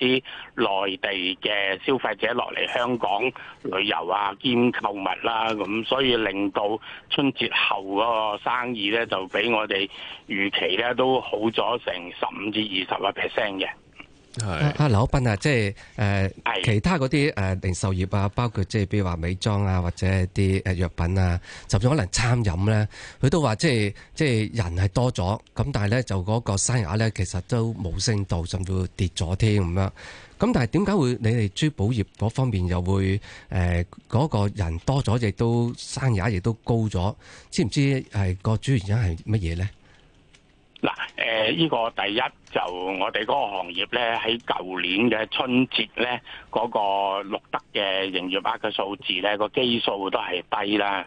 啲內地嘅消費者落嚟香港旅遊啊兼購物啦、啊，咁所以令到春節後嗰個生意咧就比我哋預期咧都好咗成十五至二十個 percent 嘅。阿劉斌啊，即係誒、呃，其他嗰啲誒零售業啊，包括即係比如話美妝啊，或者啲誒藥品啊，甚至可能餐飲咧，佢都話即係即係人係多咗，咁但係咧就嗰個生意咧其實都冇升到，甚至跌咗添咁樣。咁但係點解會你哋珠寶業嗰方面又會誒嗰個人多咗，亦都生意亦都高咗？知唔知係個主要原因係乜嘢咧？誒、這、呢個第一就我哋嗰個行業咧，喺舊年嘅春節咧，嗰、那個錄得嘅營業額嘅數字咧，個基數都係低啦。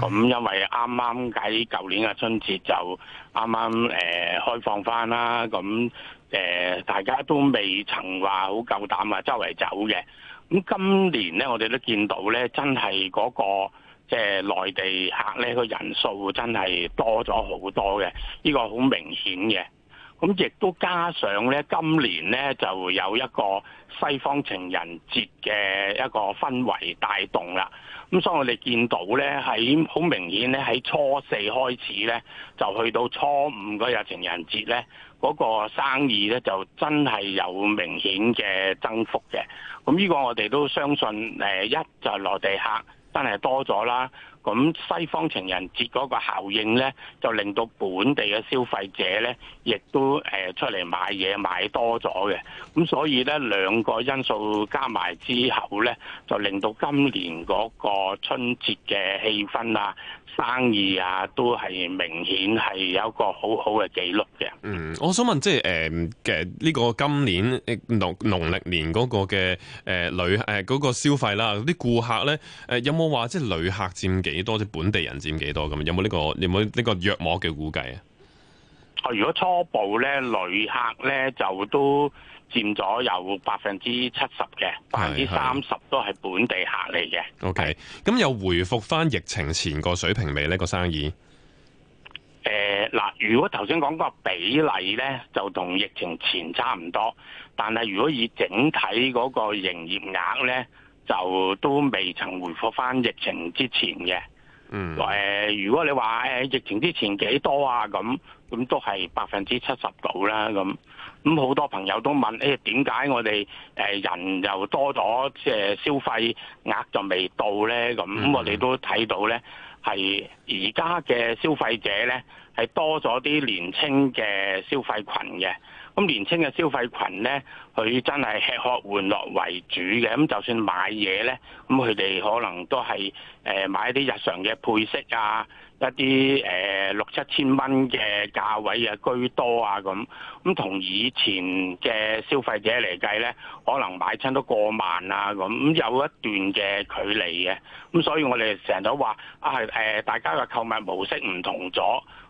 咁因為啱啱喺舊年嘅春節就啱啱誒開放返啦，咁誒、呃、大家都未曾話好夠膽啊，周圍走嘅。咁今年咧，我哋都見到咧，真係嗰、那個。即係內地客咧，個人數真係多咗好多嘅，呢個好明顯嘅。咁亦都加上咧，今年咧就有一個西方情人節嘅一個氛圍帶動啦。咁所以我哋見到咧，喺好明顯咧，喺初四開始咧，就去到初五嗰日情人節咧，嗰個生意咧就真係有明顯嘅增幅嘅。咁呢個我哋都相信，誒一就係內地客。真係多咗啦，咁西方情人節嗰個效應呢，就令到本地嘅消費者呢，亦都誒出嚟買嘢買多咗嘅，咁所以呢，兩個因素加埋之後呢，就令到今年嗰個春節嘅氣氛啊～生意啊，都係明顯係有一個好好嘅記錄嘅。嗯，我想問即係誒嘅呢個今年農農曆年嗰個嘅誒旅誒嗰個消費啦，啲顧客咧誒、呃、有冇話即係旅客佔幾多，即係本地人佔幾多，咁有冇呢個有冇呢個約摸嘅估計啊？如果初步咧，旅客咧就都佔咗有百分之七十嘅，百分之三十都係本地客嚟嘅。OK，咁又回復翻疫情前個水平未呢？個生意？誒，嗱，如果頭先講個比例咧，就同疫情前差唔多，但係如果以整體嗰個營業額咧，就都未曾回復翻疫情之前嘅。嗯。誒、呃，如果你話誒疫情之前幾多啊咁？咁都係百分之七十度啦，咁咁好多朋友都問誒點解我哋、呃、人又多咗，即係、呃、消費額就未到咧？咁我哋都睇到咧，係而家嘅消費者咧係多咗啲年青嘅消費群嘅，咁年輕嘅消費群咧。佢真係吃喝玩樂為主嘅，咁就算買嘢呢，咁佢哋可能都係誒買一啲日常嘅配飾啊，一啲誒六七千蚊嘅價位啊居多啊咁，咁同以前嘅消費者嚟計呢，可能買親都過萬啊咁，有一段嘅距離嘅，咁所以我哋成日都話啊係誒大家嘅購物模式唔同咗，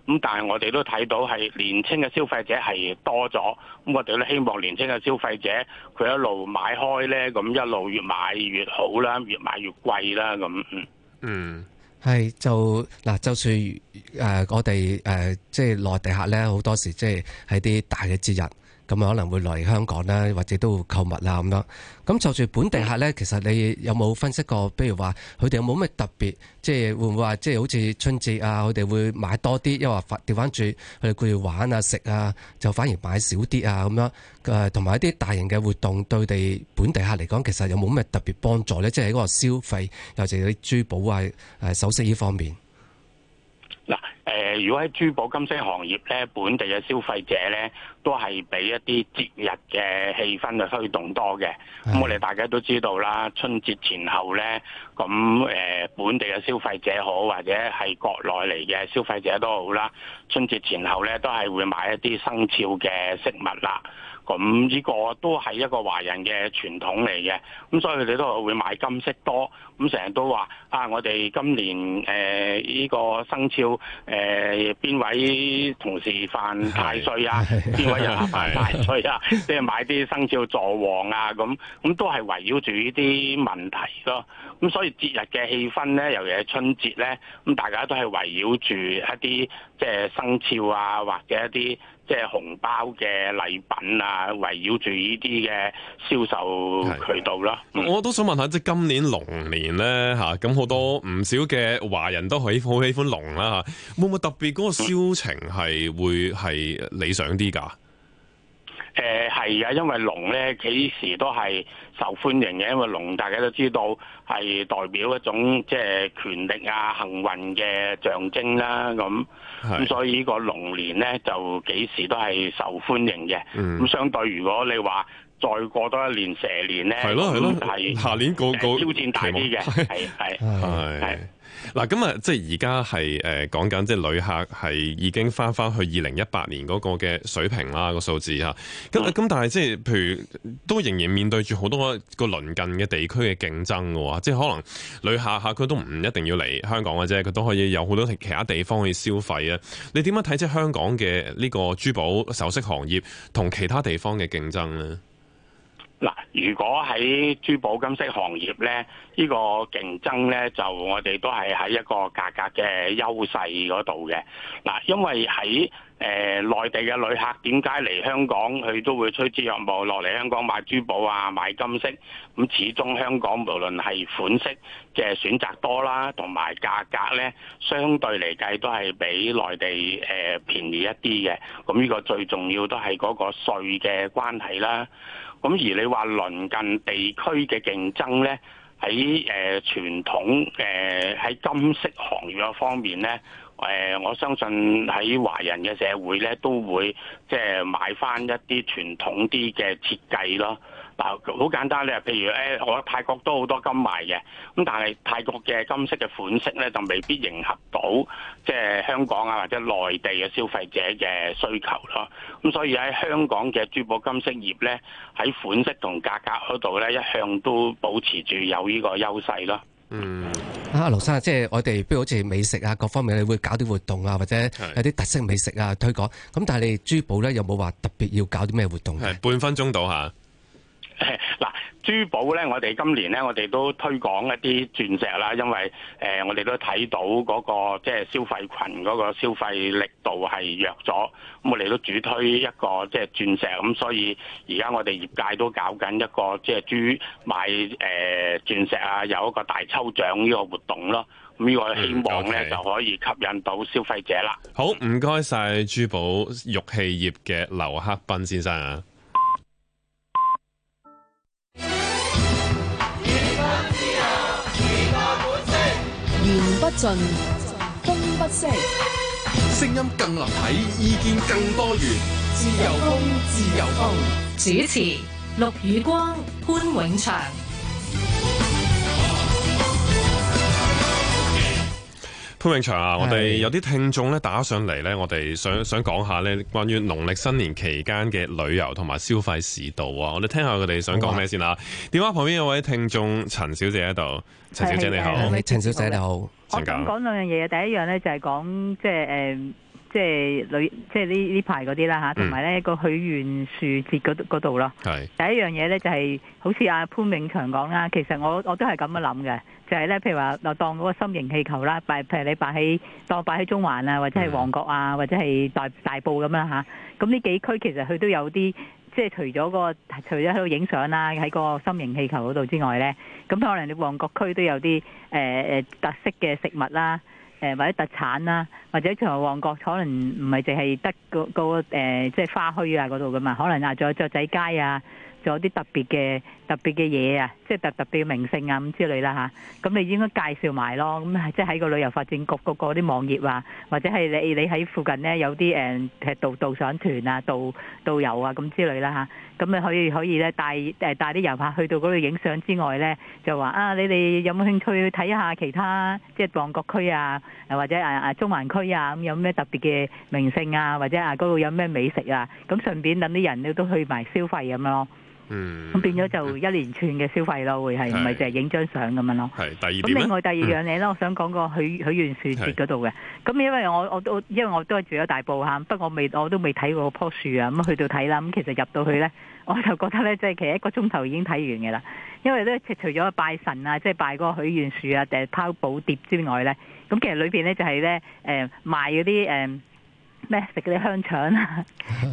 咁但係我哋都睇到係年輕嘅消費者係多咗，咁我哋都希望年輕嘅消費，或者佢一路買開咧，咁一路越買越好啦，越買越貴啦，咁嗯嗯係就嗱，就算誒、呃、我哋誒、呃、即係內地客咧，好多時即係喺啲大嘅節日。咁可能會來香港啦，或者都會購物啦咁樣。咁就住本地客咧，其實你有冇分析過？譬如話佢哋有冇咩特別？即係會唔會話即係好似春節啊，佢哋會買多啲？因為反調翻轉佢哋玩啊食啊，就反而買少啲啊咁樣。誒同埋一啲大型嘅活動對地本地客嚟講，其實有冇咩特別幫助咧？即係喺嗰個消費，尤其係啲珠寶啊、誒首飾呢方面。嗱，誒，如果喺珠寶金飾行業咧，本地嘅消費者咧，都係俾一啲節日嘅氣氛嘅推動多嘅。咁我哋大家都知道啦，春節前後咧，咁誒，本地嘅消費者好，或者係國內嚟嘅消費者都好啦。春節前後咧，都係會買一啲生肖嘅飾物啦。咁呢個都係一個華人嘅傳統嚟嘅，咁所以佢哋都會買金色多，咁成日都話啊，我哋今年誒呢個生肖誒邊位同事犯太歲啊？邊 位人犯太歲啊？即 係買啲生肖助旺啊，咁咁都係圍繞住呢啲問題咯。咁所以節日嘅氣氛咧，尤其係春節咧，咁大家都係圍繞住一啲即係生肖啊，或者一啲。即係紅包嘅禮品啊，圍繞住呢啲嘅銷售渠道啦。嗯、我都想問下，即係今年龍年咧嚇，咁好多唔少嘅華人都喜好喜歡龍啦嚇，會唔會特別嗰、那個銷情係會係理想啲㗎？誒、嗯嗯。係啊，因為龍咧幾時都係受歡迎嘅，因為龍大家都知道係代表一種即係權力啊、幸運嘅象徵啦，咁咁所以這個龍呢個龍年咧就幾時都係受歡迎嘅。咁、嗯、相對如果你話，再過多一年蛇年咧，係咯係咯，係下年個個挑戰大啲嘅，係係係。嗱咁啊，即係而家係誒講緊，即係旅客係已經翻翻去二零一八年嗰個嘅水平啦、個數字吓，咁、嗯、咁但係即係譬如都仍然面對住好多個鄰近嘅地區嘅競爭嘅喎，即係可能旅客嚇佢都唔一定要嚟香港嘅啫，佢都可以有好多其他地方去消費啊。你點樣睇即係香港嘅呢個珠寶首飾行業同其他地方嘅競爭咧？嗱，如果喺珠寶金飾行業咧，這個、呢個競爭咧，就我哋都係喺一個價格嘅優勢嗰度嘅。嗱，因為喺誒、呃、內地嘅旅客點解嚟香港，佢都會趨之若鶩落嚟香港買珠寶啊，買金飾。咁、嗯、始終香港無論係款式嘅、就是、選擇多啦，同埋價格咧，相對嚟計都係比內地誒、呃、便宜一啲嘅。咁、嗯、呢、這個最重要都係嗰個稅嘅關係啦。咁、嗯、而你話鄰近地區嘅競爭咧，喺誒、呃、傳統誒喺、呃、金飾行業方面咧。誒，我相信喺華人嘅社會咧，都會即係買翻一啲傳統啲嘅設計咯。嗱，好簡單咧，你話，譬如誒，我喺泰國都好多金賣嘅，咁但係泰國嘅金色嘅款式咧，就未必迎合到即係、就是、香港啊或者內地嘅消費者嘅需求咯。咁所以喺香港嘅珠寶金飾業咧，喺款式同價格嗰度咧，一向都保持住有呢個優勢咯。嗯，啊，劉生啊，即係我哋，比如好似美食啊，各方面你會搞啲活動啊，或者有啲特色美食啊推廣，咁但係你珠寶咧，有冇話特別要搞啲咩活動？係半分鐘到吓，嗱。 珠寶咧，我哋今年咧，我哋都推廣一啲鑽石啦，因為誒、呃，我哋都睇到嗰、那個即係消費群嗰、那個消費力度係弱咗，咁我哋都主推一個即係鑽石，咁所以而家我哋業界都搞緊一個即係珠買誒鑽、呃、石啊，有一個大抽獎呢個活動咯，咁呢個希望咧、嗯 okay. 就可以吸引到消費者啦。好，唔該晒珠寶玉器業嘅劉克斌先生啊。言不盡，風不息，聲音更立體，意見更多元，自由風，自由風。主持：陸雨光、潘永祥。潘永祥啊，我哋有啲聽眾咧打上嚟咧，我哋想想講下咧，關於農曆新年期間嘅旅遊同埋消費市道啊，我哋聽下佢哋想講咩先啦。電話旁邊有位聽眾陳小姐喺度，陳小姐你好，陳小姐你好，陳小姐你好，我想講兩樣嘢，第一樣咧，就係講即係誒。就是呃即係女，即係呢呢排嗰啲啦嚇，同埋咧個許願樹節嗰度咯。係、嗯、第一樣嘢咧、就係，就係好似阿潘永強講啦，其實我我都係咁樣諗嘅，就係咧，譬如話，我當嗰個心形氣球啦，譬如你擺喺，當擺喺中環啊，或者係旺角啊，或者係大大埔咁樣嚇。咁呢幾區其實佢都有啲，即係除咗、個，除咗喺度影相啦，喺個心形氣球嗰度之外咧，咁可能你旺角區都有啲誒誒特色嘅食物啦。誒或者特產啦，或者從旺角可能唔係淨係得嗰個誒即係花墟啊嗰度㗎嘛，可能啊仲有雀仔街啊。就有啲特別嘅特別嘅嘢啊，即係特特別嘅名勝啊咁之類啦吓，咁、啊、你應該介紹埋咯，咁即係喺個旅遊發展局嗰個啲網頁啊，或者係你你喺附近呢有啲誒誒導導賞團啊、導導遊啊咁之類啦吓，咁、啊、你可以可以咧帶誒、呃、帶啲遊客去到嗰度影相之外咧，就話啊你哋有冇興趣睇下其他即係旺角區啊，或者啊啊中環區啊咁有咩特別嘅名勝啊，或者啊嗰度有咩美食啊，咁順便等啲人咧都去埋消費咁樣咯咯。嗯，咁變咗就一連串嘅消費咯，會係唔係就係影張相咁樣咯？係第二，咁另外第二樣嘢咧，我想講個許許願樹節嗰度嘅。咁因為我我都因為我都係住咗大埔吓，不過我未我都未睇過棵樹啊。咁去到睇啦，咁其實入到去咧，我就覺得咧，即係其實一個鐘頭已經睇完嘅啦。因為咧，除除咗拜神啊，即係拜嗰個許願樹啊，誒拋寶碟之外咧，咁其實裏邊咧就係咧誒賣嗰啲誒咩食嗰啲香腸啊，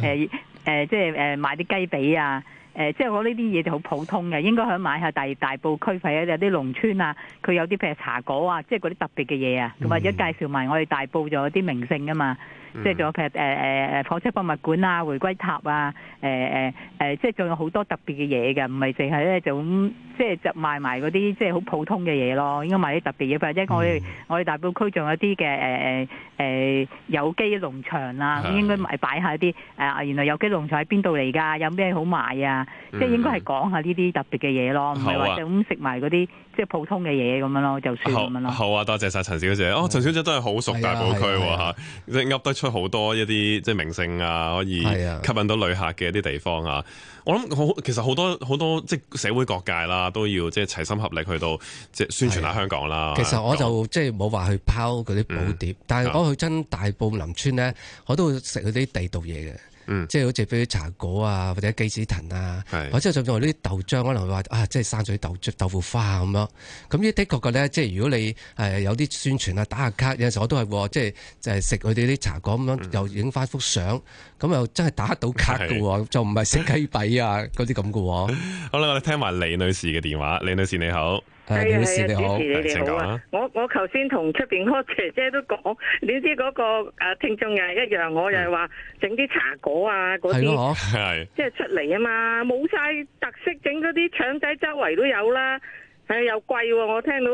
誒誒即係誒賣啲雞髀啊。誒、呃，即係我呢啲嘢就好、是、普通嘅，應該響買下大大埔區嘅，有啲農村啊，佢有啲譬如茶果啊，即係嗰啲特別嘅嘢啊，咁或者介紹埋我哋大埔仲有啲名勝啊嘛，即係仲有譬如誒誒火車博物館啊、回歸塔啊，誒誒誒，即係仲有好多特別嘅嘢噶，唔係淨係咧就咁即係就賣埋嗰啲即係好普通嘅嘢咯，應該賣啲特別嘢，或者我哋、嗯、我哋大埔區仲有啲嘅誒誒誒有機農場啊，應該咪擺一下啲誒、呃、原來有機農場喺邊度嚟㗎，有咩好賣啊？即、嗯、係應該係講下呢啲特別嘅嘢咯，唔係話就咁食埋嗰啲即係普通嘅嘢咁樣咯，就算咁樣咯。好啊，多、啊、謝晒陳小姐。哦，陳小姐都係好熟大埔區吓，即係噏得出好多一啲即係名勝啊，可以吸引到旅客嘅一啲地方啊。我諗好，其實好多好多即係社會各界啦，都要即係齊心合力去到即係宣傳下香港啦。啊、其實我就說即係冇話去拋嗰啲寶碟，嗯、但係講去真大埔林村咧，我都會食嗰啲地道嘢嘅。嗯，即係好似畀啲茶果啊，或者雞屎藤啊，是或者仲有啲豆漿，可能話啊，即係山水豆豆腐花咁樣。咁呢的確嘅咧，即係如果你誒、呃、有啲宣傳啊，打下卡，有陣時我都係即係就係食佢哋啲茶果咁樣又，又影翻幅相，咁又真係打到卡嘅，是就唔係食雞髀啊嗰啲咁嘅。 好啦，我哋聽埋李女士嘅電話，李女士你好。係啊是是是，主持好你好，啊，我我頭先同出邊個姐姐都講，點知嗰個誒聽眾又一樣，我又話整啲茶果啊，嗰啲，係咯，係，即係出嚟啊嘛，冇晒特色，整嗰啲腸仔周圍都有啦，係又貴喎，啊，我聽到，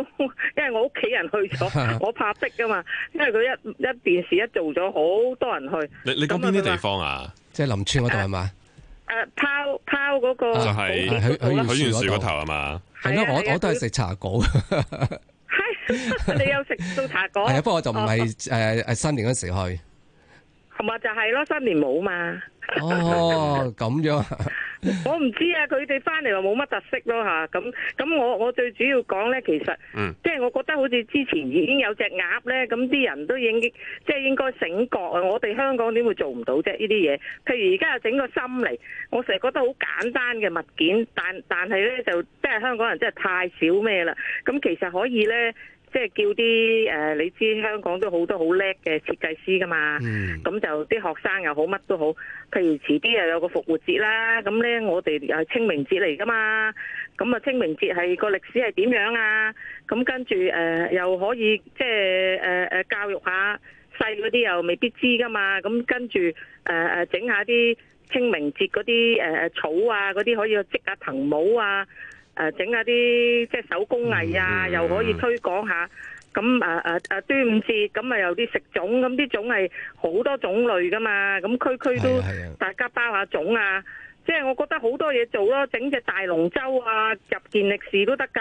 因為我屋企人去咗，我怕逼噶嘛，因為佢一一電視一做咗，好多人去，你你邊啲地方啊，即係林村嗰度係嘛？啊誒，拋拋嗰個，就係喺喺喺樹個頭吖嘛？係啊，我我都係食茶果。係 你有食到茶果？係 啊，不過我就唔係誒誒新年嗰時去。同埋就係、是、咯，新年冇嘛？ 哦，咁樣。 我唔知啊，佢哋翻嚟話冇乜特色咯、啊、吓，咁咁我我最主要講呢，其實，嗯，即、就、係、是、我覺得好似之前已經有隻鴨呢，咁啲人都已經即係應該醒覺啊！我哋香港點會做唔到啫？呢啲嘢，譬如而家又整個心嚟，我成日覺得好簡單嘅物件，但但係呢，就即係香港人真係太少咩啦。咁其實可以呢。即、就、係、是、叫啲誒，你知香港都好多好叻嘅設計師噶嘛，咁、嗯、就啲學生又好，乜都好。譬如遲啲又有個復活節啦，咁咧我哋又係清明節嚟噶嘛，咁啊清明節係、那個歷史係點樣啊？咁跟住誒、呃、又可以即係誒教育下細嗰啲又未必知噶嘛，咁跟住誒整下啲清明節嗰啲、呃、草啊，嗰啲可以去積下藤帽啊。誒，整下啲即係手工藝啊，又可以推廣下。咁誒誒誒，端午節咁啊，有啲食粽，咁啲粽係好多種類噶嘛。咁區區都大家包下粽啊，即係我覺得好多嘢，做咯。整隻大龍舟啊，入健力士都得噶。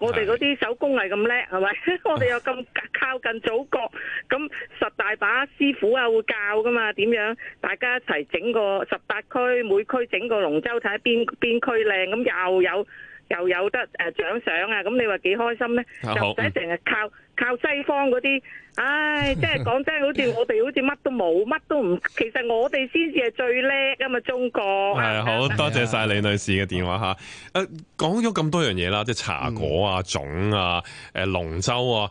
我哋嗰啲手工藝咁叻，係咪？我哋又咁靠近祖國，咁十大把師傅啊會教噶嘛？點樣大家一齊整個十八區，每區整個龍舟，睇下邊邊區靚。咁又有。又有得誒獎賞啊！咁你話幾開心咧、啊啊？就唔使成日靠、嗯、靠西方嗰啲，唉，即係講真，真的， 好似我哋好似乜都冇，乜都唔，其實我哋先至係最叻㗎嘛，中國係好、啊啊、多謝晒李、啊、女士嘅電話嚇。誒講咗咁多樣嘢啦，即係茶果啊、粽啊、誒、呃、龍舟啊，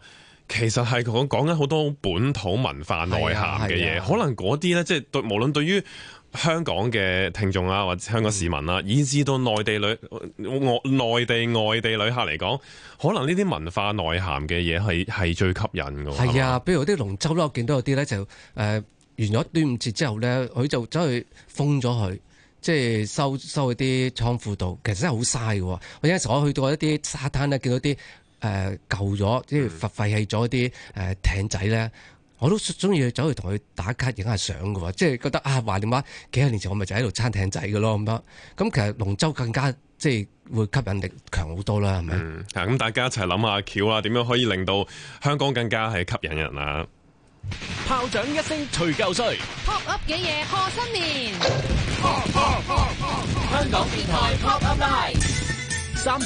其實係講講緊好多本土文化內涵嘅嘢、啊啊，可能嗰啲咧，即係對無論對於香港嘅聽眾啊，或者香港市民啊，嗯、以至到內地旅內內地外地、外地旅客嚟講，可能呢啲文化內涵嘅嘢係係最吸引㗎。係啊，比如啲龍舟啦，我見到有啲咧就誒、呃、完咗端午節之後咧，佢就走去封咗佢，即係收收喺啲倉庫度，其實真係好嘥㗎。我有陣時我去到一啲沙灘咧，見到啲誒、呃、舊咗即係廢棄咗啲誒艇仔咧。我都中意走去同佢打卡影下相嘅即係覺得啊，話點話，幾十年前我咪就喺度撐艇仔嘅咯咁樣咁其實龍舟更加即係會吸引力強好多啦，係、嗯、咪？咁、嗯、大家一齊諗下，橋啊，點樣可以令到香港更加係吸引人啊？炮仗一聲除舊歲 pop up 嘅嘢賀新年、啊啊啊啊，香港電台 pop up 三大三。